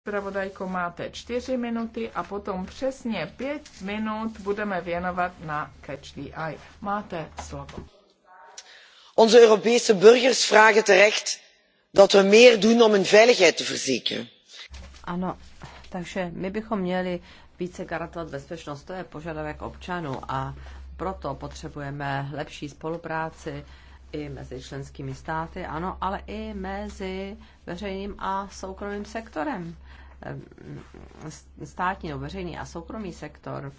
zpravodajko máte čtyři minuty a potom přesně pět minut budeme věnovat na Catch the Eye. Máte slovo. Onze Europese burgers vragen terecht dat we meer doen om hun veiligheid te verzekeren. Ano, takže my bychom měli více garantovat bezpečnost, to je požadavek občanů a proto potřebujeme lepší spolupráci i mezi členskými státy, ano, ale i mezi veřejným a soukromým sektorem. Eh, státní nebo veřejný a soukromý sektor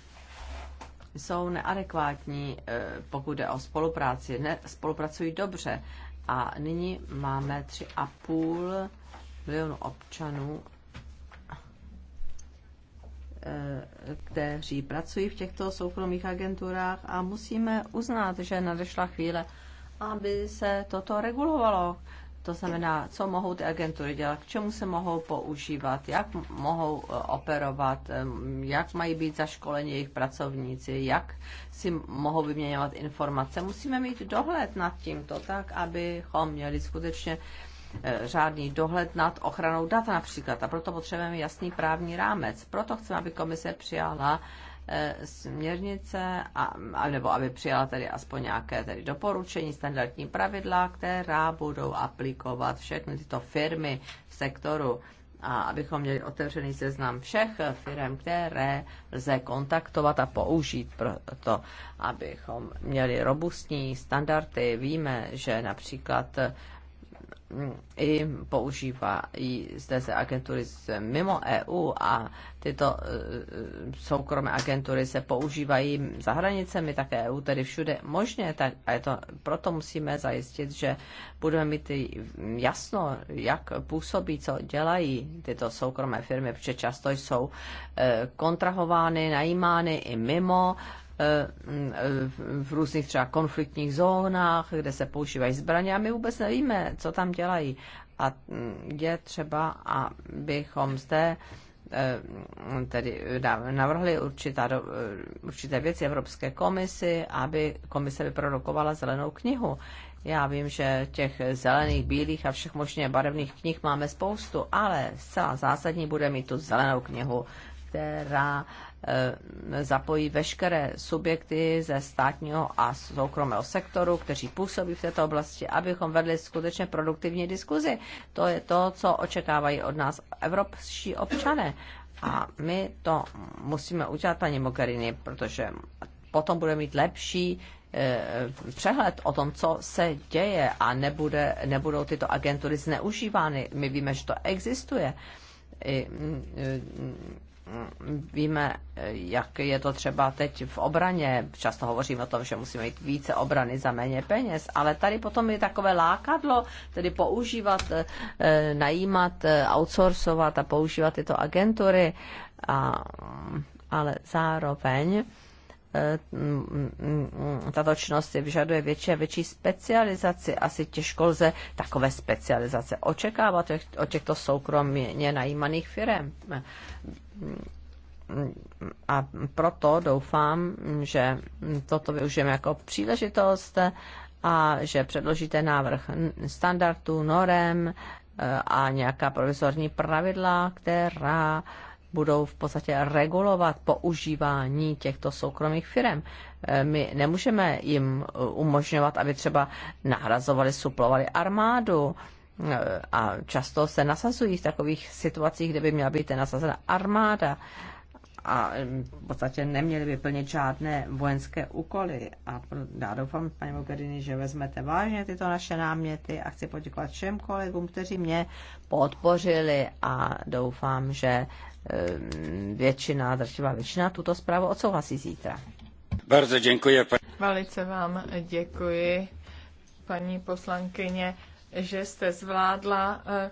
jsou neadekvátní, eh, pokud jde o spolupráci. Ne, spolupracují dobře. A nyní máme 3,5 milionu občanů, eh, kteří pracují v těchto soukromých agenturách a musíme uznat, že nadešla chvíle, aby se toto regulovalo to znamená, co mohou ty agentury dělat, k čemu se mohou používat, jak mohou eh, operovat, eh, jak mají být zaškoleni jejich pracovníci, jak si mohou vyměňovat informace. Musíme mít dohled nad tímto tak, abychom měli skutečně eh, řádný dohled nad ochranou dat například. A proto potřebujeme jasný právní rámec. Proto chceme, aby komise přijala E, směrnice, a, nebo aby přijala tedy aspoň nějaké tedy doporučení, standardní pravidla, která budou aplikovat všechny tyto firmy v sektoru a abychom měli otevřený seznam všech firm, které lze kontaktovat a použít pro to, abychom měli robustní standardy. Víme, že například i používají zde se agentury z mimo EU a tyto e, e, soukromé agentury se používají za hranicemi také EU, tedy všude možně, tak a je to, proto musíme zajistit, že budeme mít jasno, jak působí, co dělají tyto soukromé firmy, protože často jsou e, kontrahovány, najímány i mimo v různých třeba konfliktních zónách, kde se používají zbraně a my vůbec nevíme, co tam dělají. A je třeba, abychom zde eh, tedy navrhli určitá, eh, určité věci Evropské komisi, aby komise vyprodukovala zelenou knihu. Já vím, že těch zelených, bílých a všech možně barevných knih máme spoustu, ale zcela zásadní bude mít tu zelenou knihu, která Eh, zapojí veškeré subjekty ze státního a soukromého sektoru, kteří působí v této oblasti, abychom vedli skutečně produktivní diskuzi. To je to, co očekávají od nás evropští občané. A my to musíme udělat, paní Mogherini, protože potom bude mít lepší eh, přehled o tom, co se děje a nebude, nebudou tyto agentury zneužívány. My víme, že to existuje. I, mm, mm, víme, jak je to třeba teď v obraně. Často hovoříme o tom, že musíme mít více obrany za méně peněz, ale tady potom je takové lákadlo, tedy používat, eh, najímat, eh, outsourcovat a používat tyto agentury, a, ale zároveň Eh, tato činnost vyžaduje větší a větší specializaci. Asi těžko lze takové specializace očekávat od těchto soukromě najímaných firm. A proto doufám, že toto využijeme jako příležitost a že předložíte návrh standardů, norem eh, a nějaká provizorní pravidla, která budou v podstatě regulovat používání těchto soukromých firm. Eh, my nemůžeme jim eh, umožňovat, aby třeba nahrazovali, suplovali armádu, eh, a často se nasazují v takových situacích, kde by měla být nasazena armáda a v podstatě neměli by plnit žádné vojenské úkoly. A já doufám, paní Mogherini, že vezmete vážně tyto naše náměty a chci poděkovat všem kolegům, kteří mě podpořili a doufám, že většina, drtivá většina tuto zprávu odsouhlasí zítra. Bardzo děkuji. Velice vám děkuji, paní poslankyně, že jste zvládla eh,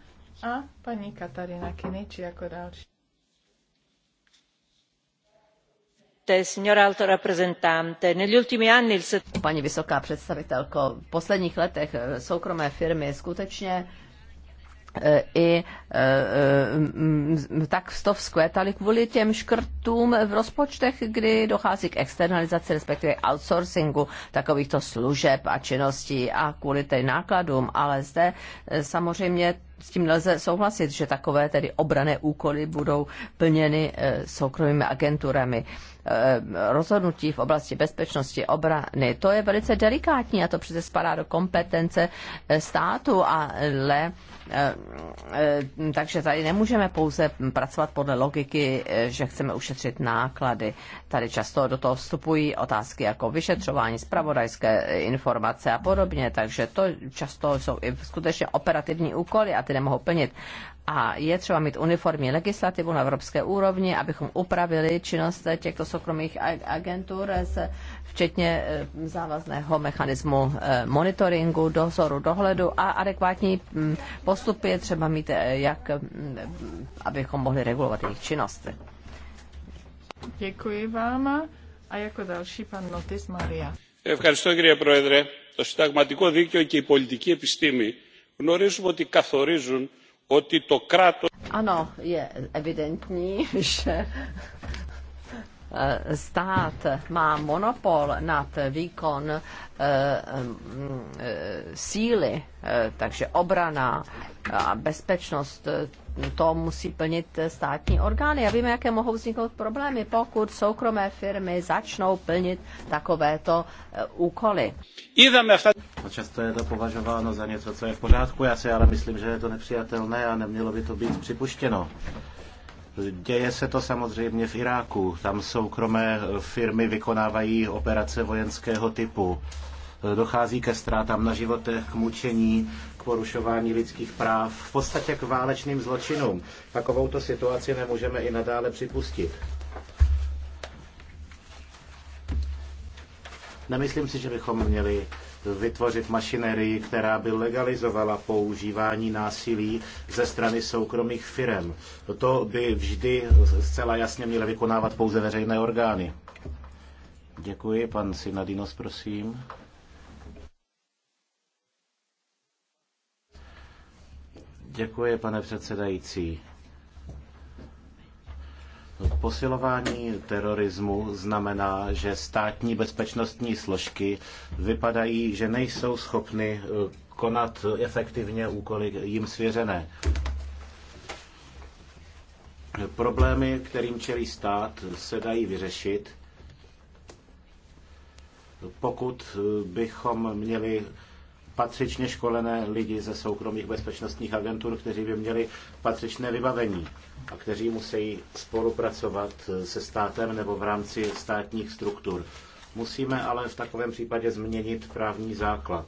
A paní Katarina Kiniči jako další. Paní vysoká představitelko, v posledních letech eh, soukromé firmy skutečně eh, i eh, tak to vzkvétali kvůli těm škrtům v rozpočtech, kdy dochází k externalizaci, respektive outsourcingu takovýchto služeb a činností a kvůli těm nákladům. Ale zde samozřejmě s tím nelze souhlasit, že takové tedy obrané úkoly budou plněny eh, soukromými agenturami. Eh, rozhodnutí v oblasti bezpečnosti obrany. To je velice delikátní a to přece spadá do kompetence eh, státu, ale eh, takže tady nemůžeme pouze pracovat podle logiky, že chceme ušetřit náklady. Tady často do toho vstupují otázky jako vyšetřování, spravodajské informace a podobně, takže to často jsou i skutečně operativní úkoly a ty nemohou plnit a je třeba mít uniformní legislativu na evropské úrovni, abychom upravili činnost těchto soukromých agentur, eh, včetně eh, závazného mechanismu eh, monitoringu, dozoru, dohledu a adekvátní mm, postupy je třeba mít, jak, mm, abychom mohli regulovat jejich činnost. Děkuji vám. A jako další pan Notis Maria. Ευχαριστώ κύριε Πρόεδρε. Το συνταγματικό δίκαιο και η πολιτική επιστήμη γνωρίζουμε ότι καθορίζουν ano, je evidentní, že Eh, stát má monopol nad výkon eh, mm, eh, síly, takže obrana a bezpečnost, to musí plnit státní orgány. A víme, jaké mohou vzniknout problémy, pokud soukromé firmy začnou plnit takovéto úkoly. A často je to považováno za něco, co je v pořádku. Já si ale myslím, že je to nepřijatelné a nemělo by to být připuštěno. Děje se to samozřejmě v Iráku. Tam soukromé firmy vykonávají operace vojenského typu. Dochází ke ztrátám na životech, k mučení, k porušování lidských práv, v podstatě k válečným zločinům. Takovouto situaci nemůžeme i nadále připustit. Nemyslím si, že bychom měli vytvořit mašinerii, která by legalizovala používání násilí ze strany soukromých firm. To by vždy zcela jasně měly vykonávat pouze veřejné orgány. Děkuji, pan Sinadinos, prosím. Děkuji, pane předsedající. Posilování terorismu znamená, že státní bezpečnostní složky vypadají, že nejsou schopny eh, konat efektivně úkoly jim svěřené. Problémy, kterým čelí stát, se dají vyřešit, pokud eh, bychom měli patřičně školené lidi ze soukromých bezpečnostních agentur, kteří by měli patřičné vybavení a kteří musí spolupracovat se státem nebo v rámci státních struktur. Musíme ale v takovém případě změnit právní základ,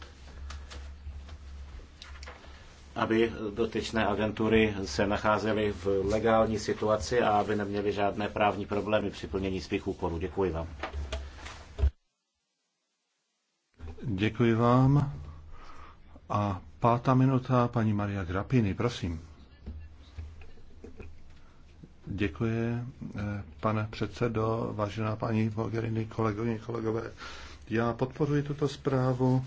aby dotyčné agentury se nacházely v legální situaci a aby neměly žádné právní problémy při plnění svých úkolů. Děkuji vám. Děkuji vám. A pátá minuta paní Maria Grapini, prosím. Děkuji, eh, pane předsedo, vážená paní Mogherini, kolegyně, kolegové. Já podporuji tuto zprávu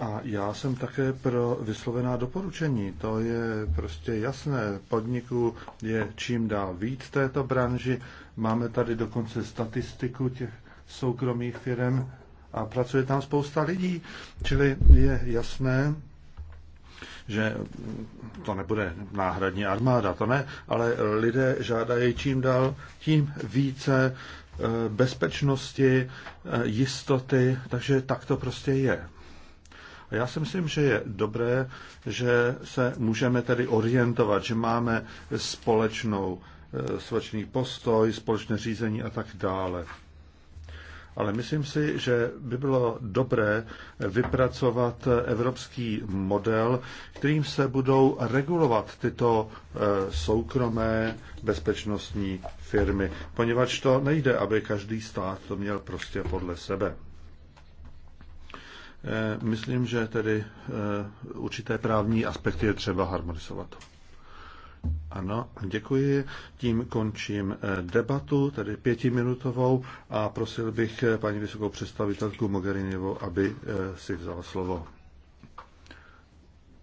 a já jsem také pro vyslovená doporučení. To je prostě jasné. Podniků je čím dál víc této branži. Máme tady dokonce statistiku těch soukromých firm a pracuje tam spousta lidí. Čili je jasné, že to nebude náhradní armáda, to ne, ale lidé žádají čím dál tím více eh, bezpečnosti, eh, jistoty, takže tak to prostě je. A já si myslím, že je dobré, že se můžeme tedy orientovat, že máme společnou, eh, společný postoj, společné řízení a tak dále ale myslím si, že by bylo dobré vypracovat evropský model, kterým se budou regulovat tyto eh, soukromé bezpečnostní firmy, poněvadž to nejde, aby každý stát to měl prostě podle sebe. Eh, myslím, že tedy eh, určité právní aspekty je třeba harmonizovat. Ano, děkuji. Tím končím eh, debatu, tedy pětiminutovou, a prosil bych eh, paní vysokou představitelku Mogheriniovou, aby eh, si vzala slovo.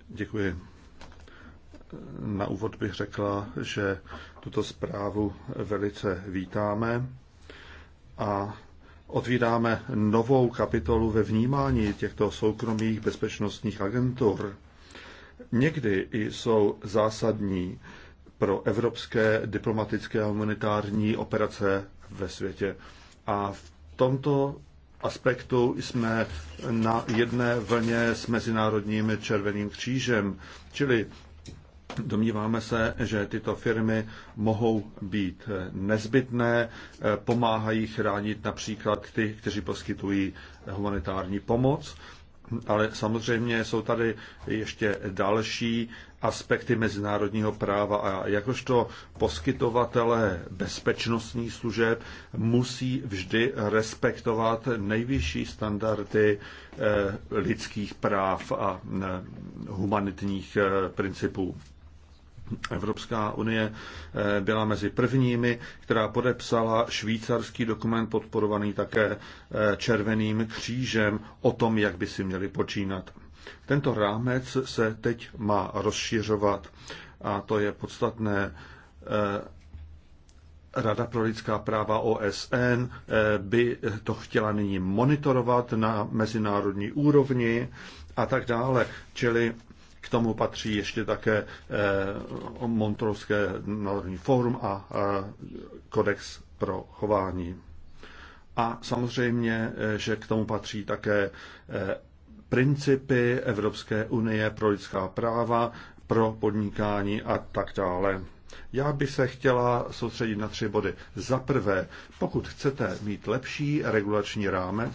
Děkuji. Na úvod bych řekla, že tuto zprávu velice vítáme a otvíráme novou kapitolu ve vnímání těchto soukromých bezpečnostních agentur Někdy jsou zásadní pro evropské diplomatické a humanitární operace ve světě. A v tomto aspektu jsme na jedné vlně s Mezinárodním červeným křížem, čili Domníváme se, že tyto firmy mohou být nezbytné, pomáhají chránit například ty, kteří poskytují humanitární pomoc ale samozřejmě jsou tady ještě další aspekty mezinárodního práva a jakožto poskytovatele bezpečnostních služeb musí vždy respektovat nejvyšší standardy eh, lidských práv a eh, humanitních eh, principů. Evropská unie eh, byla mezi prvními, která podepsala švýcarský dokument podporovaný také eh, Červeným křížem o tom, jak by si měli počínat. Tento rámec se teď má rozšiřovat a to je podstatné. Eh, Rada pro lidská práva OSN by to chtěla nyní monitorovat na mezinárodní úrovni a tak dále. Čili k tomu patří ještě také eh, Montrovské národní fórum a eh, kodex pro chování. A samozřejmě, eh, že k tomu patří také principy Evropské unie pro lidská práva, pro podnikání a tak dále. Já bych se chtěla soustředit na tři body. Za prvé, pokud chcete mít lepší regulační rámec,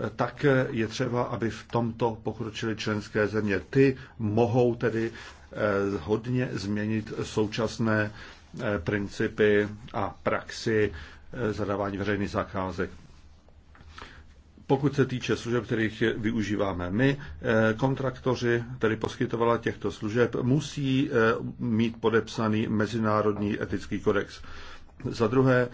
Eh, tak je třeba, aby v tomto pokročili členské země. Ty mohou tedy eh, hodně změnit současné eh, principy a praxi zadávání veřejných zakázek. Pokud se týče služeb, kterých využíváme my, kontraktoři, tedy poskytovala těchto služeb, musí mít podepsaný mezinárodní etický kodex. Za druhé,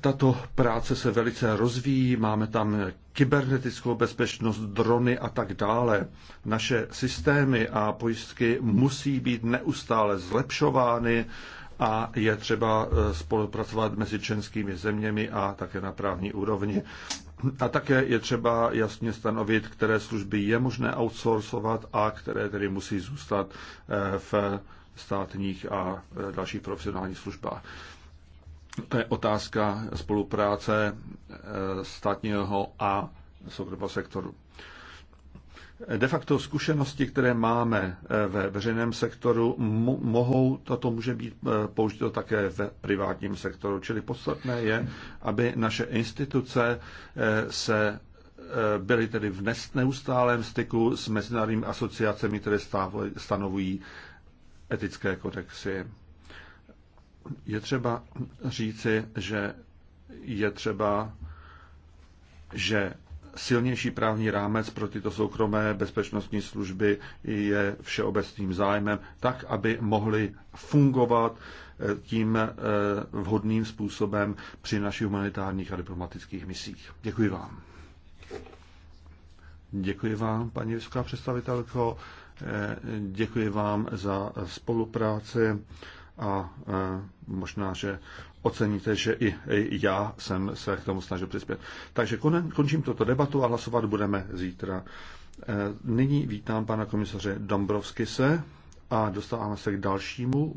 tato práce se velice rozvíjí, máme tam kybernetickou bezpečnost, drony a tak dále. Naše systémy a pojistky musí být neustále zlepšovány a je třeba eh, spolupracovat mezi členskými zeměmi a také na právní úrovni. A také je třeba jasně stanovit, které služby je možné outsourcovat a které tedy musí zůstat eh, v státních a eh, dalších profesionálních službách. To je otázka spolupráce eh, státního a soukromého sektoru. De facto zkušenosti, které máme eh, ve veřejném sektoru, mohou, toto může být eh, použito také v privátním sektoru. Čili podstatné je, aby naše instituce se byly tedy v neustálém styku s mezinárodními asociacemi, které stanovují etické kodexy je třeba říci, že je třeba, že silnější právní rámec pro tyto soukromé bezpečnostní služby je všeobecným zájmem, tak, aby mohly fungovat eh, tím eh, vhodným způsobem při našich humanitárních a diplomatických misích. Děkuji vám. Děkuji vám, paní vysoká představitelko. Eh, děkuji vám za spolupráci a e, možná, že oceníte, že i já jsem se k tomu snažil přispět. Takže končím toto debatu a hlasovat budeme zítra. E, nyní vítám pana komisaře Dombrovskise a dostáváme se k dalšímu